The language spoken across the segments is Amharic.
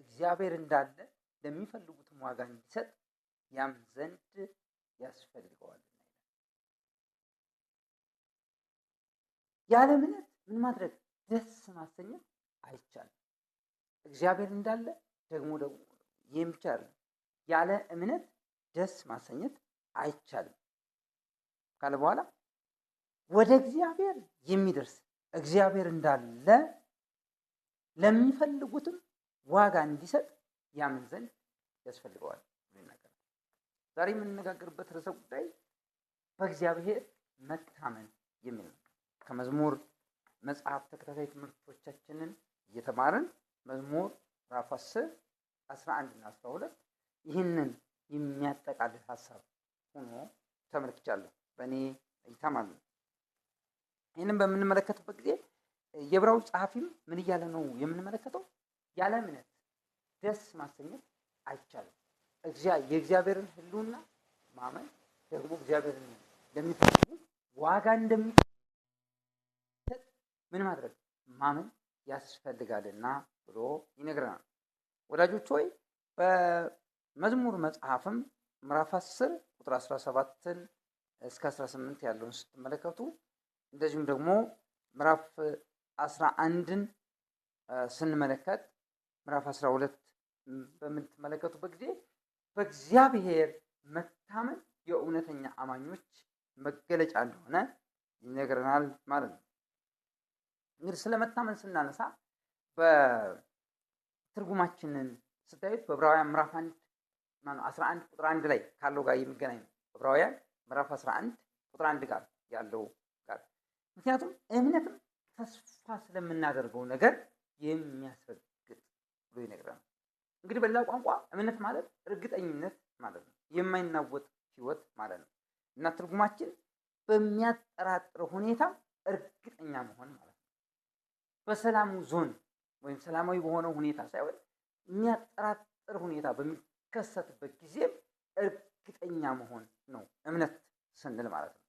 እግዚአብሔር እንዳለ ለሚፈልጉትም ዋጋ እንዲሰጥ ያም ዘንድ ያስፈልገዋል። ያለ እምነት ምን ማድረግ ደስ ማሰኘት አይቻልም። እግዚአብሔር እንዳለ ደግሞ ደግሞ የሚቻል ያለ እምነት ደስ ማሰኘት አይቻልም ካለ በኋላ ወደ እግዚአብሔር የሚደርስ እግዚአብሔር እንዳለ ለሚፈልጉትም ዋጋ እንዲሰጥ ያምን ዘንድ ያስፈልገዋል ብሎ ዛሬ የምንነጋገርበት ርዕሰ ጉዳይ በእግዚአብሔር መታመን የሚል ነው። ከመዝሙር መጽሐፍ ተከታታይ ትምህርቶቻችንን እየተማርን መዝሙር ራፍ አስር አስራ እና 12 ይህንን የሚያጠቃልል ሀሳብ ሆኖ ተመልክቻለሁ በእኔ እይታ ማለት ነው። ይህንን በምንመለከትበት ጊዜ የዕብራዊ ጸሐፊም ምን እያለ ነው የምንመለከተው ያለ እምነት ደስ ማሰኘት አይቻልም። የእግዚአብሔርን ሕልውና ማመን ደግሞ እግዚአብሔርን ለሚፈልጉ ዋጋ እንደሚሰጥ ምን ማድረግ ማመን ያስፈልጋልና ብሎ ይነግረናል። ወዳጆች ሆይ በመዝሙር መጽሐፍም ምዕራፍ 10 ቁጥር 17ን እስከ 18 ያለውን ስትመለከቱ እንደዚሁም ደግሞ ምዕራፍ 11ን ስንመለከት ምዕራፍ 12 በምትመለከቱበት ጊዜ በእግዚአብሔር መታመን የእውነተኛ አማኞች መገለጫ እንደሆነ ይነግረናል ማለት ነው። እንግዲህ ስለ መታመን ስናነሳ በትርጉማችንን ስታዩት በዕብራውያን ምዕራፍ 1 11 ቁጥር 1 ላይ ካለው ጋር የሚገናኝ ነው። ዕብራውያን ምዕራፍ 11 ቁጥር 1 ጋር ያለው ጋር ምክንያቱም እምነትም ተስፋ ስለምናደርገው ነገር የሚያስረዳ ብሎ ይነግራል። እንግዲህ በሌላ ቋንቋ እምነት ማለት እርግጠኝነት ማለት ነው፣ የማይናወጥ ህይወት ማለት ነው እና ትርጉማችን በሚያጠራጥር ሁኔታ እርግጠኛ መሆን ማለት ነው። በሰላሙ ዞን ወይም ሰላማዊ በሆነው ሁኔታ ሳይሆን የሚያጠራጥር ሁኔታ በሚከሰትበት ጊዜ እርግጠኛ መሆን ነው እምነት ስንል ማለት ነው።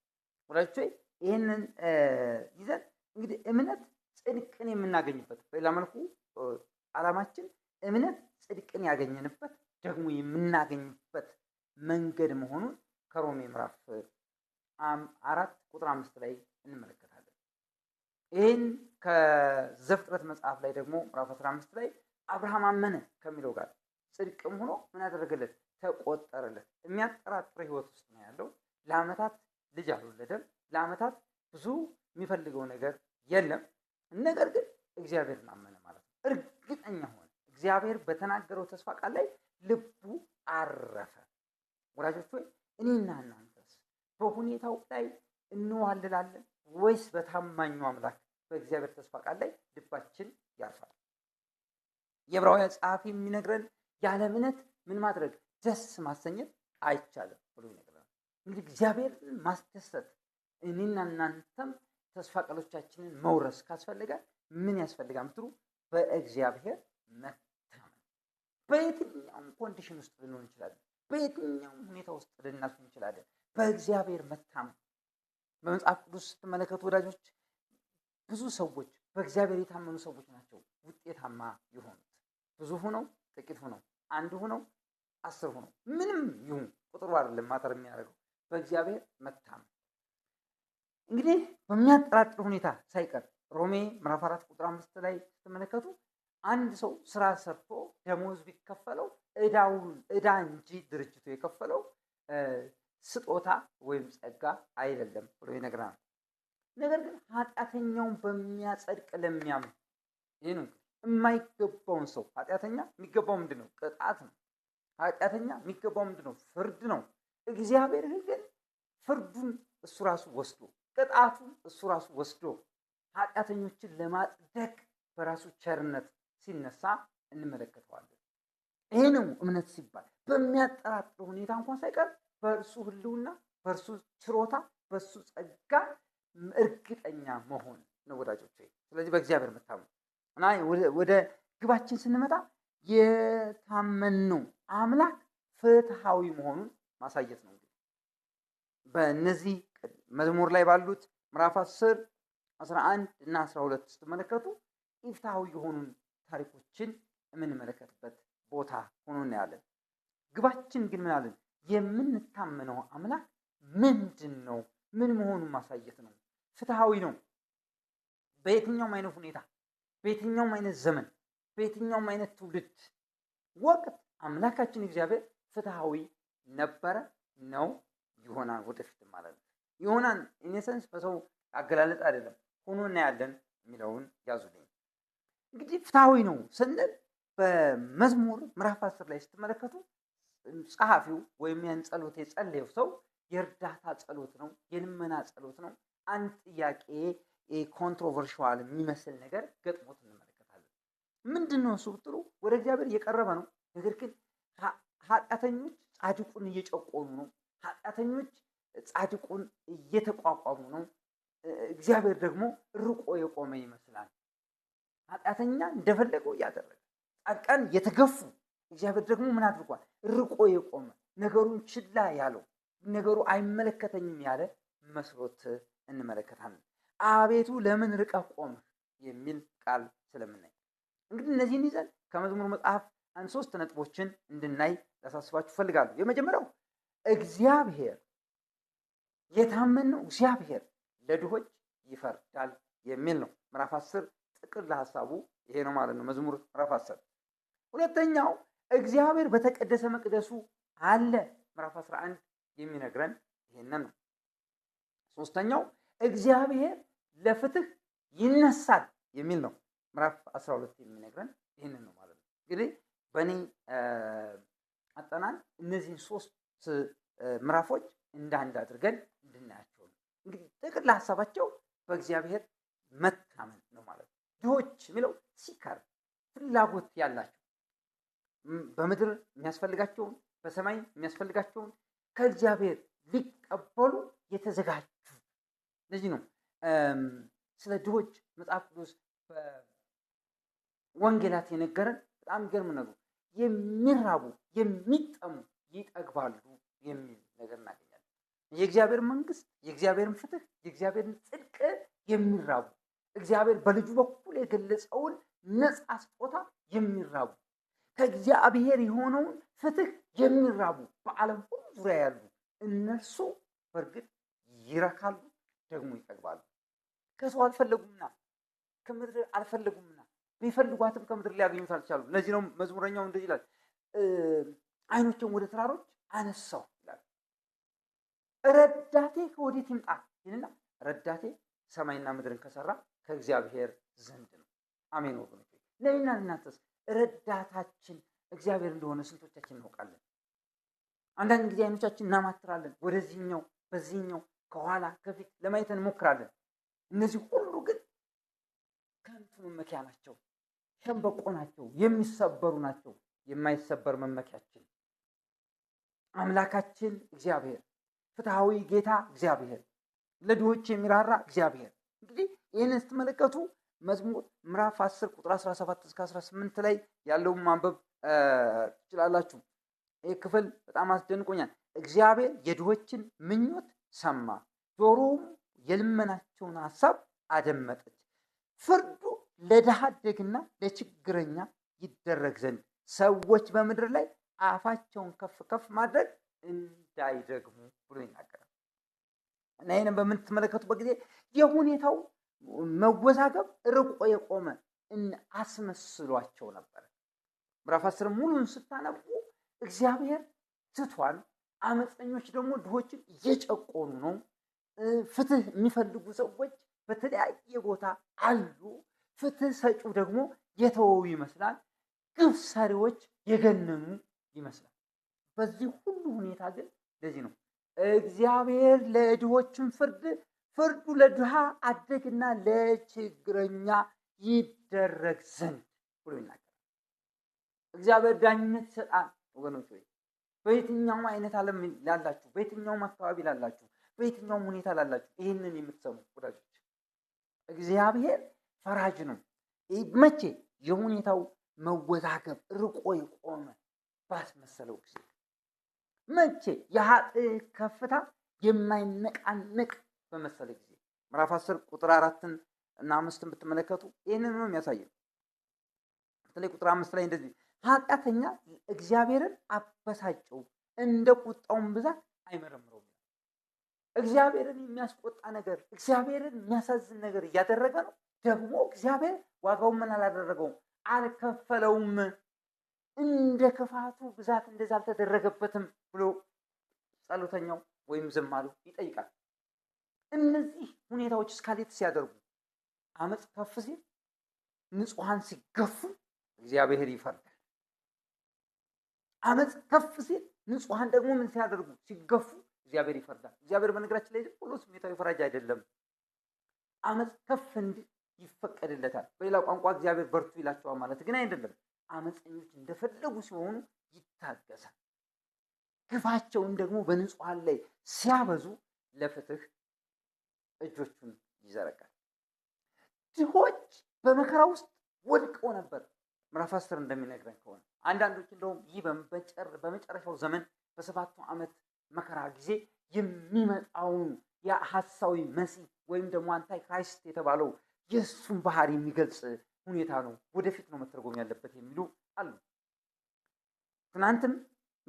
ወላጆች ይህንን ይዘን እንግዲህ እምነት ጽድቅን የምናገኝበት በሌላ መልኩ ዓላማችን እምነት ጽድቅን ያገኘንበት ደግሞ የምናገኝበት መንገድ መሆኑን ከሮሜ ምዕራፍ አራት ቁጥር አምስት ላይ እንመለከታለን። ይህን ከዘፍጥረት መጽሐፍ ላይ ደግሞ ምዕራፍ አስራ አምስት ላይ አብርሃም አመነ ከሚለው ጋር ጽድቅም ሆኖ ምን ያደረገለት ተቆጠረለት። የሚያጠራጥር ህይወት ውስጥ ነው ያለው። ለአመታት ልጅ አልወለደም። ለአመታት ብዙ የሚፈልገው ነገር የለም። ነገር ግን እግዚአብሔርን አመነ ማለት ነው። እርግጠኛ ሆነ። እግዚአብሔር በተናገረው ተስፋ ቃል ላይ ልቡ አረፈ። ወዳጆች ሆይ እኔና እናንተስ በሁኔታው ላይ እንዋልላለን ወይስ በታማኙ አምላክ በእግዚአብሔር ተስፋ ቃል ላይ ልባችን ያርፋል? የዕብራውያን ጸሐፊ የሚነግረን ያለ እምነት ምን ማድረግ ደስ ማሰኘት አይቻልም ብሎ ይነግረናል። እንግዲህ እግዚአብሔርን ማስደሰት እኔና እናንተም ተስፋ ቃሎቻችንን መውረስ ካስፈልጋል ምን ያስፈልጋል ምትሉ በእግዚአብሔር መታመን በየትኛውም ኮንዲሽን ውስጥ ልንሆን እንችላለን። በየትኛውም ሁኔታ ውስጥ ልናልፍ እንችላለን። በእግዚአብሔር መታመን በመጽሐፍ ቅዱስ ስትመለከቱ ወዳጆች፣ ብዙ ሰዎች በእግዚአብሔር የታመኑ ሰዎች ናቸው ውጤታማ የሆኑት። ብዙ ሁነው ጥቂት ሁነው አንድ ሁነው አስር ሁነው ምንም ይሁን ቁጥሩ አይደለም ማተር የሚያደርገው በእግዚአብሔር መታመን። እንግዲህ በሚያጠራጥር ሁኔታ ሳይቀር ሮሜ ምዕራፍ አራት ቁጥር አምስት ላይ ስትመለከቱ አንድ ሰው ስራ ሰርቶ ደሞዝ ቢከፈለው እዳውን እዳ እንጂ ድርጅቱ የከፈለው ስጦታ ወይም ጸጋ አይደለም ብሎ ይነግረናል። ነገር ግን ኃጢአተኛውን በሚያጸድቅ ለሚያም ይህ ነው የማይገባውን ሰው ኃጢአተኛ የሚገባው ምንድን ነው? ቅጣት ነው። ኃጢአተኛ የሚገባው ምንድን ነው? ፍርድ ነው። እግዚአብሔር ግን ፍርዱን እሱ ራሱ ወስዶ ቅጣቱን እሱ ራሱ ወስዶ ኃጢአተኞችን ለማጽደቅ በራሱ ቸርነት ሲነሳ እንመለከተዋለን። ይሄ ነው እምነት ሲባል በሚያጠራጥር ሁኔታ እንኳን ሳይቀር በእርሱ ህልውና በእርሱ ችሮታ፣ በእሱ ጸጋ እርግጠኛ መሆን ነው ወዳጆች። ስለዚህ በእግዚአብሔር መታመን እና ወደ ግባችን ስንመጣ የታመነው አምላክ ፍትሐዊ መሆኑን ማሳየት ነው። በእነዚህ መዝሙር ላይ ባሉት ምዕራፍ አስር 11 እና 12 ሁለት ስትመለከቱ ኢፍትሐዊ የሆኑን ታሪኮችን የምንመለከትበት ቦታ ሆኖ እናያለን። ግባችን ግን ምን አለን? የምንታመነው አምላክ ምንድን ነው? ምን መሆኑን ማሳየት ነው። ፍትሐዊ ነው። በየትኛውም አይነት ሁኔታ፣ በየትኛውም አይነት ዘመን፣ በየትኛውም አይነት ትውልድ ወቅት አምላካችን እግዚአብሔር ፍትሐዊ ነበረ፣ ነው፣ ይሆናል፣ ወደፊት ማለት ነው። ይሆናል ኢኔሰንስ በሰው አገላለጽ አይደለም ሆኖ እናያለን የሚለውን ያዙልኝ። እንግዲህ ፍትሐዊ ነው ስንል በመዝሙር ምዕራፍ አስር ላይ ስትመለከቱ ጸሐፊው ወይም ያን ጸሎት የጸለየው ሰው የእርዳታ ጸሎት ነው፣ የልመና ጸሎት ነው። አንድ ጥያቄ ኮንትሮቨርሽዋል የሚመስል ነገር ገጥሞት እንመለከታለን። ምንድን ነው እሱ ብትሉ ወደ እግዚአብሔር እየቀረበ ነው። ነገር ግን ኃጢአተኞች ጻድቁን እየጨቆኑ ነው። ኃጢአተኞች ጻድቁን እየተቋቋሙ ነው። እግዚአብሔር ደግሞ ርቆ የቆመ ይመስላል። ኃጢአተኛ እንደፈለገው እያደረገ ጻድቃን የተገፉ እግዚአብሔር ደግሞ ምን አድርጓል? ርቆ የቆመ ነገሩን ችላ ያለው ነገሩ አይመለከተኝም ያለ መስሎት እንመለከታለን። አቤቱ ለምን ርቀህ ቆምህ የሚል ቃል ስለምናይ እንግዲህ እነዚህን ይዘን ከመዝሙር መጽሐፍ አንድ ሶስት ነጥቦችን እንድናይ ላሳስባችሁ እፈልጋለሁ። የመጀመሪያው እግዚአብሔር የታመን ነው። እግዚአብሔር ለድሆች ይፈርዳል የሚል ነው። ምዕራፍ አስር ጥቅል ለሀሳቡ ይሄ ነው ማለት ነው። መዝሙር ምዕራፍ አስር ሁለተኛው እግዚአብሔር በተቀደሰ መቅደሱ አለ ምዕራፍ 11 የሚነግረን ይሄንን ነው። ሶስተኛው እግዚአብሔር ለፍትህ ይነሳል የሚል ነው። ምዕራፍ 12 የሚነግረን ይህንን ነው ማለት ነው። እንግዲህ በእኔ አጠናን እነዚህን ሶስት ምዕራፎች እንዳንድ አድርገን እንግዲህ ጥቅል ለሀሳባቸው በእግዚአብሔር መታመን ነው ማለት ነው። ድሆች የሚለው ሲከር ፍላጎት ያላቸው በምድር የሚያስፈልጋቸውን በሰማይ የሚያስፈልጋቸውን ከእግዚአብሔር ሊቀበሉ የተዘጋጁ እነዚህ ነው ስለ ድሆች መጽሐፍ ቅዱስ ወንጌላት የነገረን በጣም ገርም ነገሩ የሚራቡ የሚጠሙ ይጠግባሉ የሚል ነገር ናቸው። የእግዚአብሔር መንግስት፣ የእግዚአብሔርን ፍትህ፣ የእግዚአብሔርን ጽድቅ የሚራቡ እግዚአብሔር በልጁ በኩል የገለጸውን ነፃ ስጦታ የሚራቡ ከእግዚአብሔር የሆነውን ፍትህ የሚራቡ በዓለም ሁሉ ዙሪያ ያሉ እነርሱ በእርግጥ ይረካሉ፣ ደግሞ ይጠግባሉ። ከሰው አልፈለጉምና ከምድር አልፈለጉምና ቢፈልጓትም ከምድር ሊያገኙት አልቻሉም። ለዚህ ነው መዝሙረኛው እንደዚህ ይላል፣ አይኖቸውን ወደ ተራሮች አነሳው ረዳቴ ከወዴት ይምጣ ይልና ረዳቴ ሰማይና ምድርን ከሰራ ከእግዚአብሔር ዘንድ ነው። አሜን ወገኖች። ለእኔና እናንተስ ረዳታችን እግዚአብሔር እንደሆነ ስንቶቻችን እናውቃለን? አንዳንድ ጊዜ አይኖቻችን እናማትራለን፣ ወደዚህኛው፣ በዚህኛው፣ ከኋላ ከፊት ለማየት እንሞክራለን። እነዚህ ሁሉ ግን ከንቱ መመኪያ ናቸው፣ ሸንበቆ ናቸው፣ የሚሰበሩ ናቸው። የማይሰበር መመኪያችን አምላካችን እግዚአብሔር ፍትሐዊ ጌታ እግዚአብሔር፣ ለድሆች የሚራራ እግዚአብሔር። እንግዲህ ይህንን ስትመለከቱ መዝሙር ምዕራፍ 10 ቁጥር 17 እስከ 18 ላይ ያለውን ማንበብ ትችላላችሁ። ይህ ክፍል በጣም አስደንቆኛል። እግዚአብሔር የድሆችን ምኞት ሰማ፣ ጆሮውም የልመናቸውን ሀሳብ አደመጠች። ፍርዱ ለድሃ አደግና ለችግረኛ ይደረግ ዘንድ ሰዎች በምድር ላይ አፋቸውን ከፍ ከፍ ማድረግ እንዳይደግሙ ብሎ ይናገራል እና ይህንን በምትመለከቱበት ጊዜ የሁኔታው መወዛገብ ርቆ የቆመ አስመስሏቸው ነበር። ምዕራፍ አስር ሙሉን ስታነቡ እግዚአብሔር ትቷል፣ አመፀኞች ደግሞ ድሆችን እየጨቆኑ ነው፣ ፍትህ የሚፈልጉ ሰዎች በተለያየ ቦታ አሉ፣ ፍትህ ሰጪው ደግሞ የተወው ይመስላል፣ ግፍ ሰሪዎች የገነኑ ይመስላል። በዚህ ሁሉ ሁኔታ ግን ለዚህ ነው እግዚአብሔር ለድሆችን ፍርድ ፍርዱ ለድሃ አደግና ለችግረኛ ይደረግ ዘንድ ብሎ ይናገራል። እግዚአብሔር ዳኝነት ይሰጣል። ወገኖች ወይ በየትኛውም አይነት ዓለም ላላችሁ፣ በየትኛውም አካባቢ ላላችሁ፣ በየትኛውም ሁኔታ ላላችሁ ይህንን የምትሰሙ ወዳጆች እግዚአብሔር ፈራጅ ነው። መቼ የሁኔታው መወዛገብ ርቆ የቆመ ባስመሰለው ጊዜ መቼ የኃጥእ ከፍታ የማይነቃነቅ በመሰለ ጊዜ ምዕራፍ አስር ቁጥር አራትን እና አምስትን ብትመለከቱ ይህንን ነው የሚያሳየው። በተለይ ቁጥር አምስት ላይ እንደዚህ ኃጢአተኛ እግዚአብሔርን አበሳጨው እንደ ቁጣውን ብዛት አይመረምረውም። እግዚአብሔርን የሚያስቆጣ ነገር፣ እግዚአብሔርን የሚያሳዝን ነገር እያደረገ ነው። ደግሞ እግዚአብሔር ዋጋውን ምን አላደረገውም፣ አልከፈለውም። እንደ ክፋቱ ብዛት እንደዛ አልተደረገበትም ብሎ ጸሎተኛው ወይም ዝማሉ ይጠይቃል። እነዚህ ሁኔታዎች እስካሌት ሲያደርጉ አመፅ ከፍ ሲል፣ ንጹሐን ሲገፉ እግዚአብሔር ይፈርዳል። አመፅ ከፍ ሲል፣ ንጹሐን ደግሞ ምን ሲያደርጉ ሲገፉ እግዚአብሔር ይፈርዳል። እግዚአብሔር በነገራችን ላይ ሁሉ ስሜታዊ ፈራጅ አይደለም። አመፅ ከፍ እንዲል ይፈቀድለታል። በሌላ ቋንቋ እግዚአብሔር በርቱ ይላቸዋል ማለት ግን አይደለም። አመፀኞች እንደፈለጉ ሲሆኑ ይታገሳል። ግፋቸውን ደግሞ በንጹሐን ላይ ሲያበዙ ለፍትህ እጆቹን ይዘረጋል። ድሆች በመከራ ውስጥ ወድቀው ነበር። ምዕራፍ አስር እንደሚነግረን ከሆነ አንዳንዶች እንደውም ይህ በመጨረሻው ዘመን በሰባቱ ዓመት መከራ ጊዜ የሚመጣውን የሐሳዊ መሲህ ወይም ደግሞ አንታይ ክራይስት የተባለው የእሱን ባህሪ የሚገልጽ ሁኔታ ነው፣ ወደፊት ነው መተርጎም ያለበት የሚሉ አሉ። ትናንትም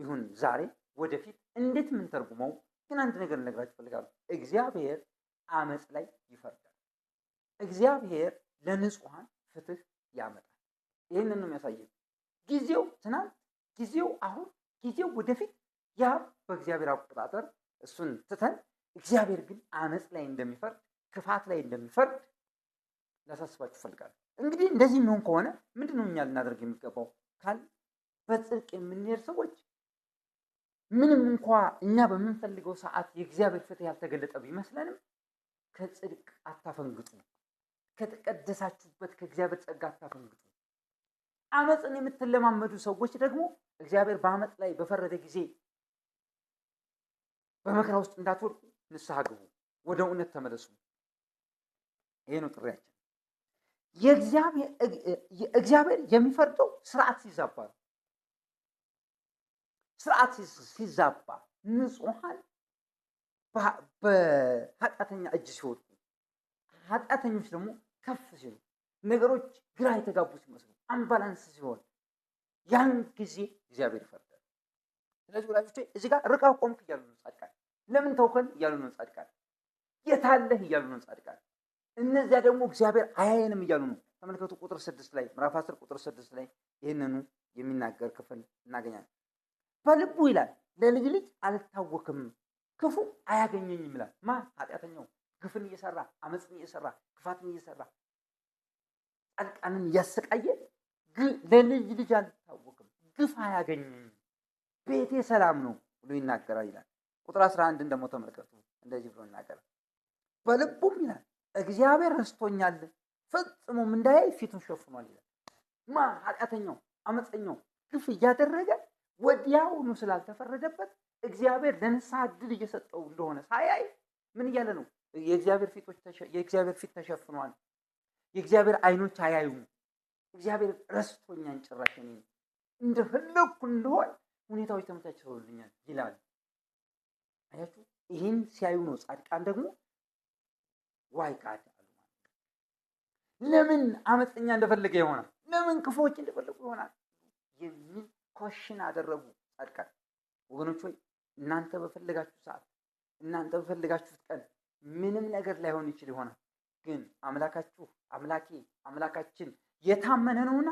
ይሁን ዛሬ ወደፊት እንዴት የምንተርጉመው ግን አንድ ነገር ልነግራችሁ እፈልጋለሁ። እግዚአብሔር አመፅ ላይ ይፈርዳል። እግዚአብሔር ለንጹሐን ፍትህ ያመጣል። ይህንን ነው የሚያሳየው። ጊዜው ትናንት፣ ጊዜው አሁን፣ ጊዜው ወደፊት ያ በእግዚአብሔር አቆጣጠር እሱን ትተን እግዚአብሔር ግን አመፅ ላይ እንደሚፈርድ ክፋት ላይ እንደሚፈርድ ላሳስባችሁ እፈልጋለሁ። እንግዲህ እንደዚህ የሚሆን ከሆነ ምንድን ነው እኛ ልናደርግ የሚገባው ካል በጽድቅ የምንሄድ ሰዎች ምንም እንኳ እኛ በምንፈልገው ሰዓት የእግዚአብሔር ፍትህ ያልተገለጠ ቢመስለንም ከጽድቅ አታፈንግጡ፣ ከተቀደሳችሁበት ከእግዚአብሔር ጸጋ አታፈንግጡ። አመፅን የምትለማመዱ ሰዎች ደግሞ እግዚአብሔር በአመፅ ላይ በፈረደ ጊዜ በመከራ ውስጥ እንዳትወድቁ ንስሐ ግቡ፣ ወደ እውነት ተመለሱ። ይሄ ነው ጥሪያችን። እግዚአብሔር የሚፈርደው ስርዓት ሲዛባ ስርዓት ሲዛባ ንጹሐን በኃጢአተኛ እጅ ሲወጡ ኃጢአተኞች ደግሞ ከፍ ሲሉ፣ ነገሮች ግራ የተጋቡ ሲመስሉ፣ አምባላንስ ሲሆን ያን ጊዜ እግዚአብሔር ይፈርዳል። ስለዚህ ወላጆች እዚህ ጋር ርቃ ቆምክ እያሉ ነው ጻድቃል። ለምን ተውከን እያሉ ነው ጻድቃል። የታለህ እያሉ ነው ጻድቃል። እነዚያ ደግሞ እግዚአብሔር አያየንም እያሉ ነው። ተመልከቱ ቁጥር ስድስት ላይ ምዕራፍ አስር ቁጥር ስድስት ላይ ይህንኑ የሚናገር ክፍል እናገኛለን። በልቡ ይላል ለልጅ ልጅ አልታወክም ክፉ አያገኘኝም ይላል። ማ ኃጢአተኛው ግፍን እየሰራ አመፅን እየሰራ ክፋትን እየሰራ ጠልቃንን እያሰቃየ ለልጅ ልጅ አልታወክም ግፍ አያገኘኝም ቤቴ ሰላም ነው ብሎ ይናገራል ይላል። ቁጥር አስራ አንድን ደግሞ ተመልከቱ እንደዚህ ብሎ ይናገራል። በልቡም ይላል እግዚአብሔር ረስቶኛል ፈጽሞም እንዳያይ ፊቱን ሸፍኗል ይላል። ማ ኃጢአተኛው አመፀኛው ግፍ እያደረገ ወዲያውኑ ስላልተፈረደበት እግዚአብሔር ለንስሐ እድል እየሰጠው እንደሆነ ሳያይ ምን እያለ ነው? የእግዚአብሔር ፊት ተሸፍኗል። የእግዚአብሔር አይኖች አያዩም። እግዚአብሔር ረስቶኛን ጭራሽ እኔ እንደፈለግኩ እንደሆን ሁኔታዎች ተመቻችተውልኛል ይላል። አያችሁ፣ ይህን ሲያዩ ነው ጻድቃን ደግሞ ዋይ ቃድ አሉ ማለት ለምን አመፀኛ እንደፈለገ ይሆናል፣ ለምን ክፉዎች እንደፈለጉ ይሆናል የሚል ኮሽን አደረጉ ጻድቃን። ወገኖች ሆይ እናንተ በፈለጋችሁ ሰዓት እናንተ በፈለጋችሁት ቀን ምንም ነገር ላይሆን ይችል ይሆናል። ግን አምላካችሁ አምላኬ አምላካችን የታመነ ነውና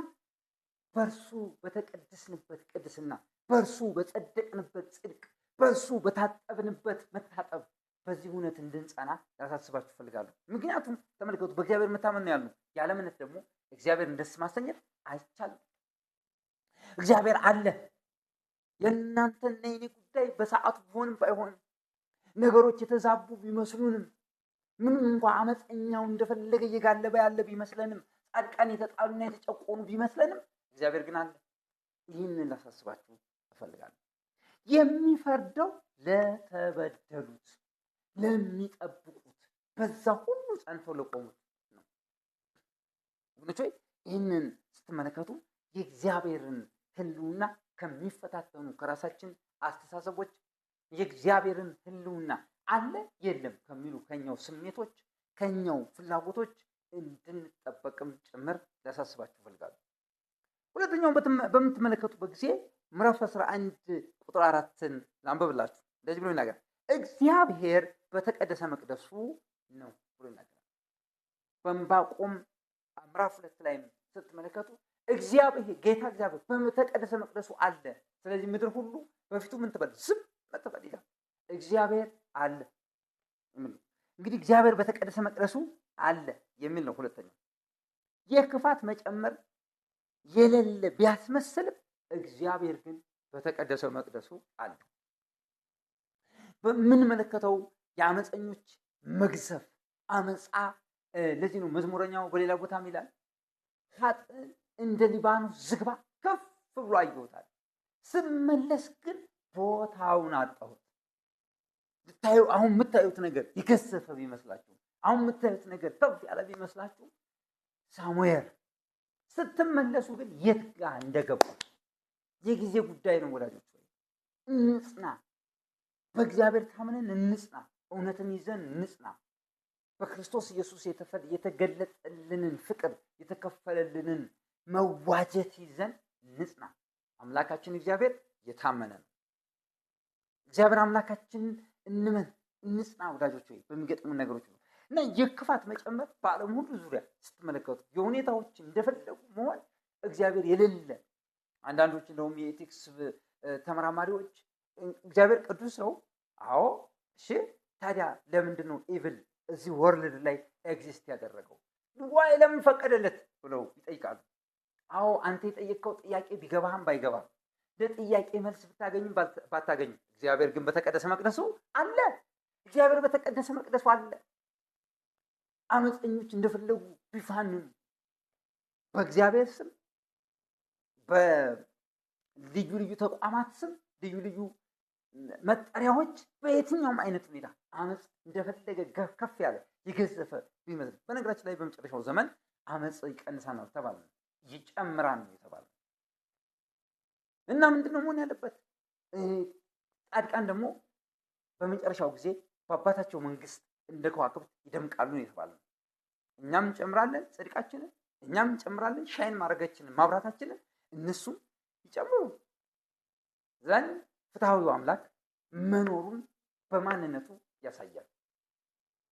በእርሱ በተቀደስንበት ቅድስና፣ በእርሱ በጸደቅንበት ጽድቅ፣ በእርሱ በታጠብንበት መታጠብ በዚህ እውነት እንድንጸና ላሳስባችሁ እፈልጋለሁ። ምክንያቱም ተመልከቱ፣ በእግዚአብሔር መታመን ነው ያልነው። ያለ እምነት ደግሞ እግዚአብሔርን ደስ ማሰኘት አይቻልም። እግዚአብሔር አለ። የእናንተና የኔ ጉዳይ በሰዓቱ ቢሆንም ባይሆንም ነገሮች የተዛቡ ቢመስሉንም ምንም እንኳ አመፀኛው እንደፈለገ እየጋለበ ያለ ቢመስለንም ጻድቃን የተጣሉና የተጨቆኑ ቢመስለንም እግዚአብሔር ግን አለ። ይህንን ላሳስባችሁ እፈልጋለሁ። የሚፈርደው ለተበደሉት ለሚጠብቁት በዛ ሁሉ ጸንተው ለቆሙት ነው። ወገኖች ሆይ ይህንን ስትመለከቱ የእግዚአብሔርን ሕልውና ከሚፈታተኑ ከራሳችን አስተሳሰቦች የእግዚአብሔርን ሕልውና አለ የለም ከሚሉ ከኛው ስሜቶች ከኛው ፍላጎቶች እንድንጠበቅም ጭምር ሊያሳስባችሁ ይፈልጋሉ ሁለተኛውን በምትመለከቱበት ጊዜ ምዕራፍ 11 ቁጥር አራትን ላንበብላችሁ። እንደዚህ ብሎ ይናገር እግዚአብሔር በተቀደሰ መቅደሱ ነው ብሎ ይናገራል። በዕንባቆም ምዕራፍ ሁለት ላይም ስትመለከቱ እግዚአብሔር ጌታ እግዚአብሔር በተቀደሰ መቅደሱ አለ፣ ስለዚህ ምድር ሁሉ በፊቱ ምን ትበል ዝም መትበል ይላል። እግዚአብሔር አለ እንግዲህ እግዚአብሔር በተቀደሰ መቅደሱ አለ የሚል ነው። ሁለተኛው የክፋት መጨመር የሌለ ቢያስመስልም እግዚአብሔር ግን በተቀደሰ መቅደሱ አለ። በምንመለከተው የአመፀኞች መግዘፍ አመፃ። ለዚህ ነው መዝሙረኛው በሌላ ቦታም ይላል ሀጥ እንደ ሊባኖስ ዝግባ ከፍ ብሎ አየሁታል፣ ስመለስ ግን ቦታውን አጣሁት። ልታዩ አሁን የምታዩት ነገር የገዘፈ ቢመስላችሁ፣ አሁን የምታዩት ነገር ከፍ ያለ ቢመስላችሁ ሳሙኤል ስትመለሱ ግን የት ጋ እንደገቡ የጊዜ ጉዳይ ነው ወዳጆች። እንጽና፣ በእግዚአብሔር ታምነን እንጽና። እውነትን ይዘን ንጽና። በክርስቶስ ኢየሱስ የተገለጠልንን ፍቅር የተከፈለልንን መዋጀት ይዘን ንጽና። አምላካችን እግዚአብሔር የታመነ ነው። እግዚአብሔር አምላካችን እንመን፣ እንጽና። ወዳጆች ወይ በሚገጥሙን ነገሮች ነው እና የክፋት መጨመር በዓለም ሁሉ ዙሪያ ስትመለከቱ የሁኔታዎች እንደፈለጉ መሆን እግዚአብሔር የሌለ አንዳንዶች እንደውም የኤቲክስ ተመራማሪዎች እግዚአብሔር ቅዱስ ነው፣ አዎ እሺ ታዲያ ለምንድን ነው ኢቭል እዚህ ወርልድ ላይ ኤግዚስት ያደረገው? ዋይ ለምን ፈቀደለት ብለው ይጠይቃሉ። አዎ አንተ የጠየቅከው ጥያቄ ቢገባህም ባይገባም ለጥያቄ መልስ ብታገኝም ባታገኝ እግዚአብሔር ግን በተቀደሰ መቅደሱ አለ። እግዚአብሔር በተቀደሰ መቅደሱ አለ። አመፀኞች እንደፈለጉ ቢፋኑም በእግዚአብሔር ስም በልዩ ልዩ ተቋማት ስም ልዩ ልዩ መጠሪያዎች በየትኛውም አይነት ሁኔታ አመፅ እንደፈለገ ከፍ ያለ የገዘፈ ቢመስል፣ በነገራችን ላይ በመጨረሻው ዘመን አመፅ ይቀንሳል ነው ተባለ፣ ይጨምራል ነው የተባለ እና ምንድን መሆን ያለበት? ጻድቃን ደግሞ በመጨረሻው ጊዜ በአባታቸው መንግስት እንደ ከዋክብት ይደምቃሉ ነው የተባለ። እኛም እንጨምራለን ጽድቃችንን፣ እኛም እንጨምራለን ሻይን ማድረጋችንን፣ ማብራታችንን እነሱም ይጨምሩ ዘንድ ፍትሐዊው አምላክ መኖሩን በማንነቱ ያሳያል።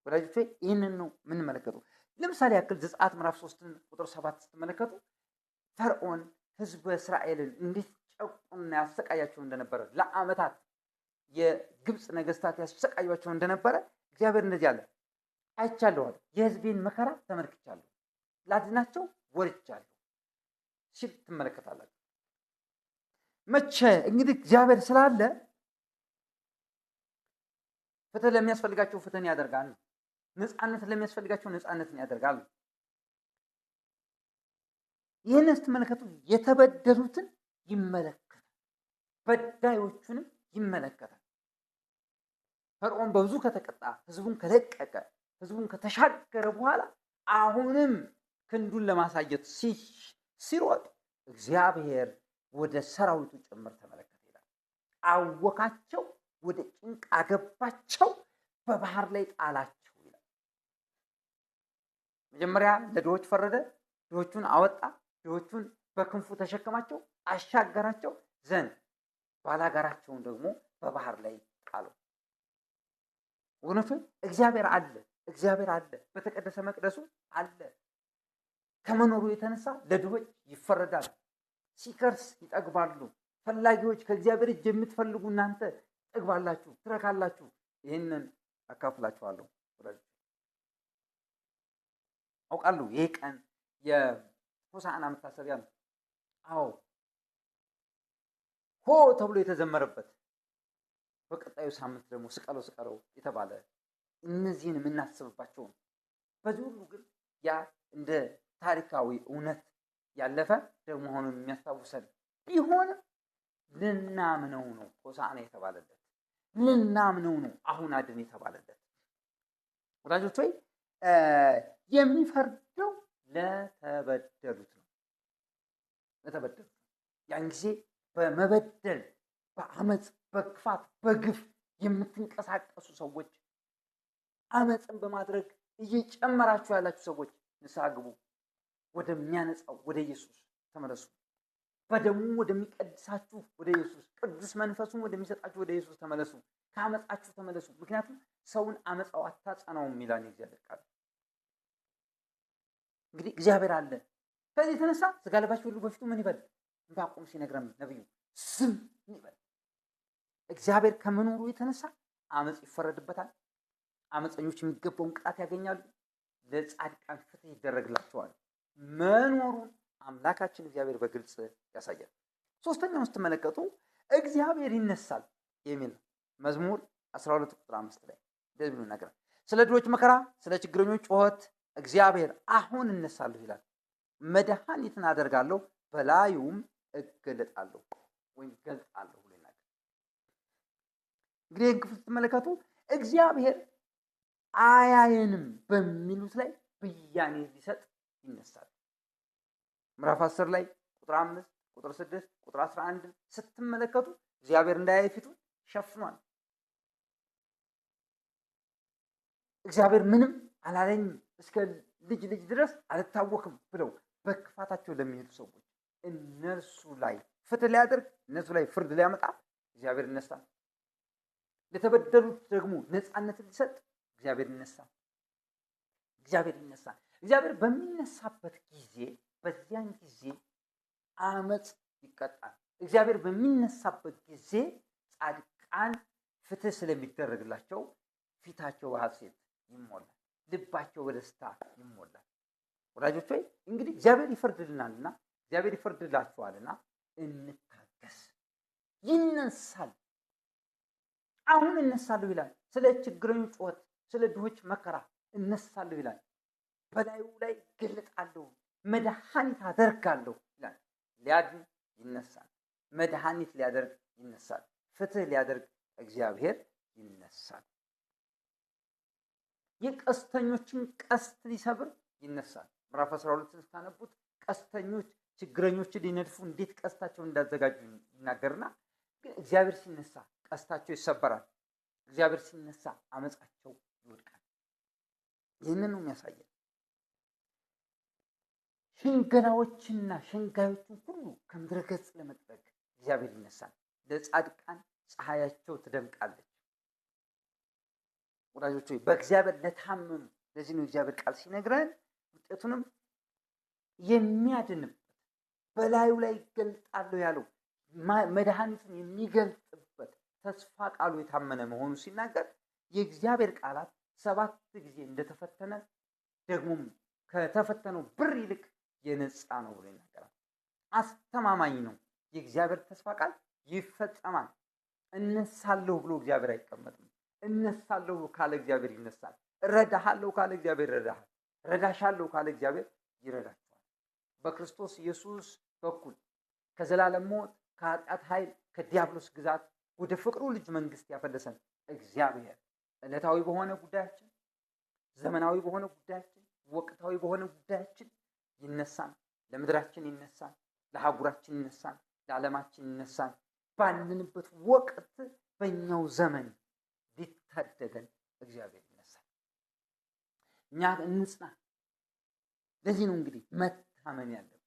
ወዳጆች ይህንን ነው የምንመለከተው። ለምሳሌ ያክል ዘጸአት ምዕራፍ ሶስትን ቁጥር ሰባት ስትመለከቱ ፈርዖን ህዝበ እስራኤልን እንዴት ጨቁና ያሰቃያቸው እንደነበረ ለአመታት የግብፅ ነገስታት ያሰቃያቸው እንደነበረ እግዚአብሔር እንደዚህ አለ፣ አይቻለኋል፣ የህዝቤን መከራ ተመልክቻለሁ፣ ላድናቸው ወርቻለሁ ሲል ትመለከታላችሁ። መቼ እንግዲህ እግዚአብሔር ስላለ ፍትህ ለሚያስፈልጋቸው ፍትህን ያደርጋል። ነፃነት ለሚያስፈልጋቸው ነፃነትን ያደርጋል። ይህንን ስትመለከቱ የተበደሉትን ይመለከታል፣ በዳዮቹንም ይመለከታል። ፈርዖን በብዙ ከተቀጣ፣ ህዝቡን ከለቀቀ፣ ህዝቡን ከተሻገረ በኋላ አሁንም ክንዱን ለማሳየት ሲሮጥ እግዚአብሔር ወደ ሰራዊቱ ጭምር ተመለከተ ይላል። አወካቸው፣ ወደ ጭንቅ አገባቸው፣ በባህር ላይ ጣላቸው ይላል። መጀመሪያ ለድሆች ፈረደ፣ ድሆቹን አወጣ፣ ድሆቹን በክንፉ ተሸከማቸው፣ አሻገራቸው ዘንድ ባላጋራቸውን ደግሞ በባህር ላይ ጣሉ። ወገኖቹን እግዚአብሔር አለ፣ እግዚአብሔር አለ፣ በተቀደሰ መቅደሱ አለ። ከመኖሩ የተነሳ ለድሆች ይፈረዳል። ሲከርስ ይጠግባሉ። ፈላጊዎች ከእግዚአብሔር እጅ የምትፈልጉ እናንተ ትጠግባላችሁ፣ ትረካላችሁ። ይህንን አካፍላችኋለሁ። አውቃለሁ ይህ ቀን የሆሳዕና መታሰቢያ ነው። አዎ ሆ ተብሎ የተዘመረበት በቀጣዩ ሳምንት ደግሞ ስቀለው ስቀለው የተባለ እነዚህን የምናስብባቸው ነው። በዚህ ሁሉ ግን ያ እንደ ታሪካዊ እውነት ያለፈ መሆኑን የሚያስታውሰን ቢሆን ልናምነው ነው። ሆሳዕና የተባለለት ልናምነው ነው። አሁን አድን የተባለለት ወዳጆች ወይ የሚፈርደው ለተበደሉት ነው። ለተበደሉት ያን ጊዜ በመበደል በአመፅ፣ በክፋት፣ በግፍ የምትንቀሳቀሱ ሰዎች አመፅን በማድረግ እየጨመራችሁ ያላችሁ ሰዎች ንስሐ ግቡ። ወደሚያነጻው ወደ ኢየሱስ ተመለሱ። በደሙ ወደሚቀድሳችሁ ወደ ኢየሱስ፣ ቅዱስ መንፈሱን ወደሚሰጣችሁ ወደ ኢየሱስ ተመለሱ። ከአመፃችሁ ተመለሱ። ምክንያቱም ሰውን አመፃው አታጸናውም ይላል የእግዚአብሔር ቃል። እንግዲህ እግዚአብሔር አለ። ከዚህ የተነሳ ስጋ ለባሽ ሁሉ በፊቱ ምን ይበል? እንባቆም ሲነግረም ነብዩ ዝም ይበል። እግዚአብሔር ከመኖሩ የተነሳ አመፅ ይፈረድበታል። አመፀኞች የሚገባውን ቅጣት ያገኛሉ። ለጻድቃን ፍትህ ይደረግላቸዋል። መኖሩን አምላካችን እግዚአብሔር በግልጽ ያሳያል። ሶስተኛውን ስትመለከቱ እግዚአብሔር ይነሳል የሚል ነው። መዝሙር 12 ቁጥር 5 ላይ እንደዚህ ብሎ ይናገራል። ስለ ድሆች መከራ፣ ስለ ችግረኞች ጩኸት እግዚአብሔር አሁን እነሳለሁ ይላል። መድኃኒትን አደርጋለሁ በላዩም እገለጣለሁ ወይም ገልጣለሁ ብሎ ይናገራል። እንግዲህ ይህን ክፍል ስትመለከቱ እግዚአብሔር አያየንም በሚሉት ላይ ብያኔ ሊሰጥ ይነሳል ምዕራፍ 10 ላይ ቁጥር 5፣ ቁጥር 6፣ ቁጥር 11 ስትመለከቱ እግዚአብሔር እንዳያይ ፊቱን ሸፍኗል። እግዚአብሔር ምንም አላለኝም እስከ ልጅ ልጅ ድረስ አልታወክም ብለው በክፋታቸው ለሚሄዱ ሰዎች እነርሱ ላይ ፍትህ ሊያደርግ እነሱ ላይ ፍርድ ሊያመጣ እግዚአብሔር ይነሳል። ለተበደሉት ደግሞ ነፃነት ሊሰጥ እግዚአብሔር ይነሳል። እግዚአብሔር ይነሳል። እግዚአብሔር በሚነሳበት ጊዜ በዚያን ጊዜ አመፅ ይቀጣል። እግዚአብሔር በሚነሳበት ጊዜ ጻድቃን ፍትህ ስለሚደረግላቸው ፊታቸው በሐሴት ይሞላል፣ ልባቸው በደስታ ይሞላል። ወዳጆች ሆይ እንግዲህ እግዚአብሔር ይፈርድልናልና እግዚአብሔር ይፈርድላችኋልና እንታገስ። ይነሳል፣ አሁን እነሳለሁ ይላል። ስለ ችግረኞች ጩኸት፣ ስለ ድሆች መከራ እነሳለሁ ይላል። በላዩ ላይ እገለጣለሁ፣ መድኃኒት አደርጋለሁ ይላል። ሊያድን ይነሳል፣ መድኃኒት ሊያደርግ ይነሳል፣ ፍትህ ሊያደርግ እግዚአብሔር ይነሳል። የቀስተኞችን ቀስት ሊሰብር ይነሳል። ምዕራፍ 12 ስታነቡት ቀስተኞች ችግረኞችን ሊነድፉ እንዴት ቀስታቸውን እንዳዘጋጁ ይናገርና ግን እግዚአብሔር ሲነሳ ቀስታቸው ይሰበራል። እግዚአብሔር ሲነሳ አመፃቸው ይወድቃል። ይህንን ነው የሚያሳየን። ሽንገላዎችና ሸንጋዮችን ሁሉ ከምድረገጽ ለመጥረግ እግዚአብሔር ይነሳል። ለጻድቃን ፀሐያቸው ትደምቃለች። ወዳጆች ሆይ በእግዚአብሔር ለታመኑ ለዚህ ነው እግዚአብሔር ቃል ሲነግረን ውጤቱንም የሚያድንበት በላዩ ላይ ይገልጣለሁ ያለው መድኃኒቱን የሚገልጥበት ተስፋ ቃሉ የታመነ መሆኑ ሲናገር የእግዚአብሔር ቃላት ሰባት ጊዜ እንደተፈተነ ደግሞም ከተፈተነው ብር ይልቅ የነጻ ነው ብሎ ይናገራል። አስተማማኝ ነው። የእግዚአብሔር ተስፋ ቃል ይፈጸማል። እነሳለሁ ብሎ እግዚአብሔር አይቀመጥም። እነሳለሁ ካለ እግዚአብሔር ይነሳል። እረዳሃለሁ ካለ እግዚአብሔር ይረዳሃል። ረዳሻለሁ ካለ እግዚአብሔር ይረዳቸዋል። በክርስቶስ ኢየሱስ በኩል ከዘላለም ሞት፣ ከኃጢአት ኃይል፣ ከዲያብሎስ ግዛት ወደ ፍቅሩ ልጅ መንግስት ያፈለሰን እግዚአብሔር ዕለታዊ በሆነ ጉዳያችን፣ ዘመናዊ በሆነ ጉዳያችን፣ ወቅታዊ በሆነ ጉዳያችን ይነሳል፣ ለምድራችን ይነሳል፣ ለሀጉራችን ይነሳል፣ ለዓለማችን ይነሳል። ባለንበት ወቅት በእኛው ዘመን ሊታደገን እግዚአብሔር ይነሳል። እኛ እንጽና። ለዚህ ነው እንግዲህ መታመን ያለብን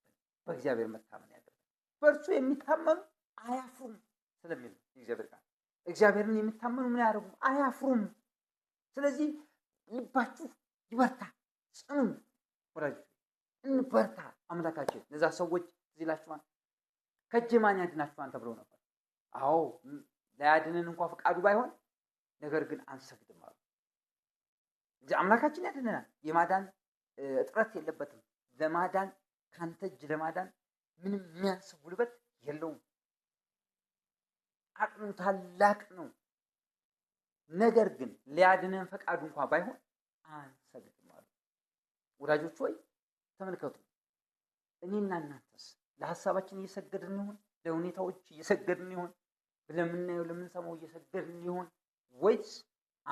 በእግዚአብሔር መታመን ያለብን በእርሱ የሚታመኑ አያፍሩም ስለሚል እግዚአብሔር ቃል እግዚአብሔርን የሚታመኑ ምን ያደርጉ? አያፍሩም። ስለዚህ ልባችሁ ይበርታ፣ ጽኑ ወዳጆች። እንበርታ አምላካችን። እነዛ ሰዎች ትዝ ይላችኋል፣ ከእጄ ማን ተብሎ ነበር። አዎ ላያድንን እንኳ ፈቃዱ ባይሆን ነገር ግን አንሰግድም አሉ። እዚ አምላካችን ያድነናል። የማዳን እጥረት የለበትም። ለማዳን ካንተጅ እጅ ለማዳን ምንም የሚያንስ ጉልበት የለውም። አቅሙ ታላቅ ነው። ነገር ግን ሊያድነን ፈቃዱ እንኳ ባይሆን አንሰግድም አሉ። ወዳጆች ወይ ተመልከቱ። እኔና እናንተስ ለሀሳባችን እየሰገድን ይሆን? ለሁኔታዎች እየሰገድን ይሆን? ለምናየው ለምንሰማው እየሰገድን ይሆን ወይስ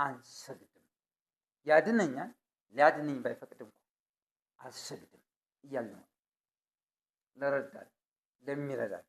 አንሰግድም? ያድነኛል ሊያድነኝ ባይፈቅድም እንኳ አልሰግድም እያልን ነው። ለረዳል ለሚረዳል